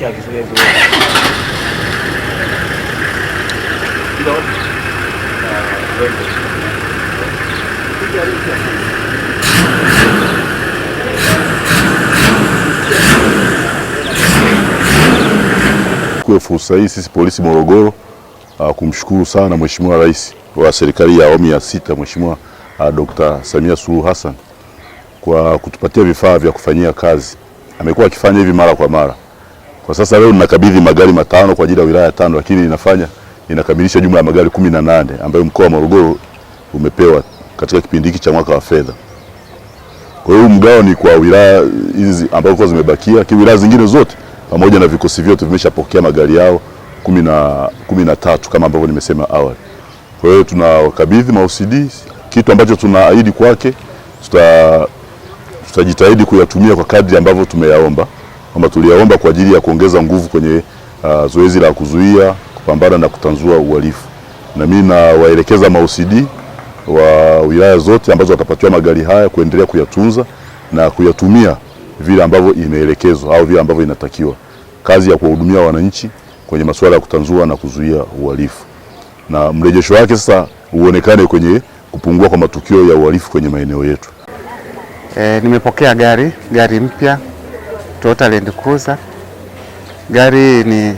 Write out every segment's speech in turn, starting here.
진짜 Fursa hii sisi polisi Morogoro ah, kumshukuru sana Mheshimiwa Rais wa serikali ya awamu ya sita Mheshimiwa ah, Dr. Samia Suluhu Hassan kwa kutupatia vifaa vya kufanyia kazi. Amekuwa akifanya hivi mara kwa mara. Kwa sasa leo ninakabidhi magari matano kwa ajili ya wilaya tano, lakini inafanya inakamilisha jumla ya magari kumi na nane ambayo mkoa wa Morogoro umepewa katika kipindi hiki cha mwaka wa fedha. Kwa hiyo mgao ni kwa wilaya hizi ambazo kwa zimebakia, lakini wilaya zingine zote pamoja na vikosi vyote vimeshapokea magari yao kumi na, kumi na tatu kama ambavyo nimesema awali. Kwa hiyo tunawakabidhi mausidi kitu ambacho tunaahidi kwake, tutajitahidi tuta kuyatumia kwa kadri ambavyo tumeyaomba kwamba tuliyaomba kwa ajili ya kuongeza nguvu kwenye uh, zoezi la kuzuia, kupambana na kutanzua uhalifu, na mimi nawaelekeza mausidi wa wilaya zote ambazo watapatiwa magari haya kuendelea kuyatunza na kuyatumia vile ambavyo imeelekezwa au vile ambavyo inatakiwa, kazi ya kuwahudumia wananchi kwenye masuala ya kutanzua na kuzuia uhalifu, na mrejesho wake sasa uonekane kwenye kupungua kwa matukio ya uhalifu kwenye maeneo yetu. E, nimepokea gari gari mpya Toyota Land Cruiser. Gari ni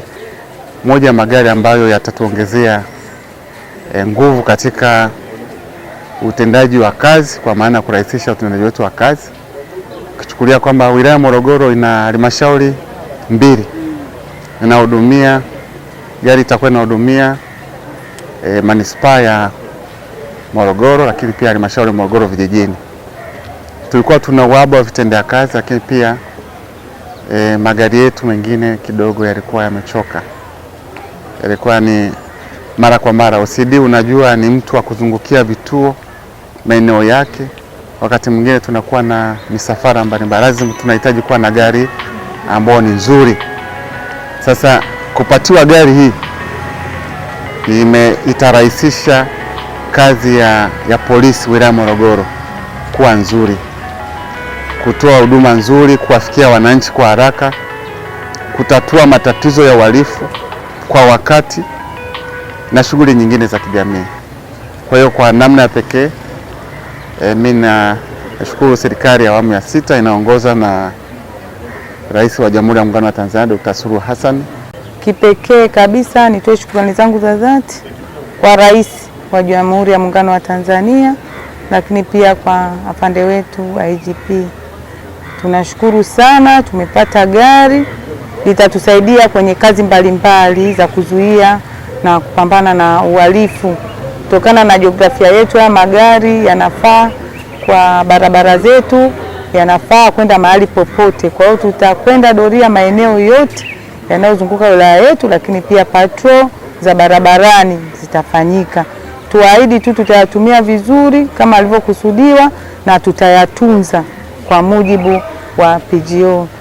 moja ya magari ambayo yatatuongezea e, nguvu katika utendaji wa kazi kwa maana ya kurahisisha utendaji wetu wa kazi, ukichukulia kwamba wilaya Morogoro ina halmashauri mbili inahudumia, gari itakuwa inahudumia e, manispaa ya Morogoro, lakini pia halmashauri Morogoro vijijini. Tulikuwa tuna uhaba wa vitendea kazi, lakini pia e, magari yetu mengine kidogo yalikuwa yamechoka, yalikuwa ni mara kwa mara. OCD unajua ni mtu wa kuzungukia vituo maeneo yake, wakati mwingine tunakuwa na misafara mbalimbali, lazima tunahitaji kuwa na gari ambayo ni nzuri. Sasa kupatiwa gari hii ime itarahisisha kazi ya, ya polisi wilaya Morogoro kuwa nzuri kutoa huduma nzuri, kuwafikia wananchi kwa haraka, kutatua matatizo ya uhalifu kwa wakati na shughuli nyingine za kijamii. Kwa hiyo kwa namna ya pekee e, mimi nashukuru serikali ya awamu ya sita inaongoza na Rais wa Jamhuri ya Muungano wa Tanzania Dr. Suluhu Hassan. Kipekee kabisa nitoe shukrani zangu za dhati kwa Rais wa Jamhuri ya Muungano wa Tanzania, lakini pia kwa afande wetu IGP. Tunashukuru sana, tumepata gari litatusaidia kwenye kazi mbalimbali mbali za kuzuia na kupambana na uhalifu. Kutokana na jiografia yetu, haya magari yanafaa kwa barabara zetu, yanafaa kwenda mahali popote. Kwa hiyo tutakwenda doria maeneo yote yanayozunguka wilaya yetu, lakini pia patrol za barabarani zitafanyika. Tuahidi tu tutayatumia vizuri kama alivyokusudiwa na tutayatunza kwa mujibu wa PGO.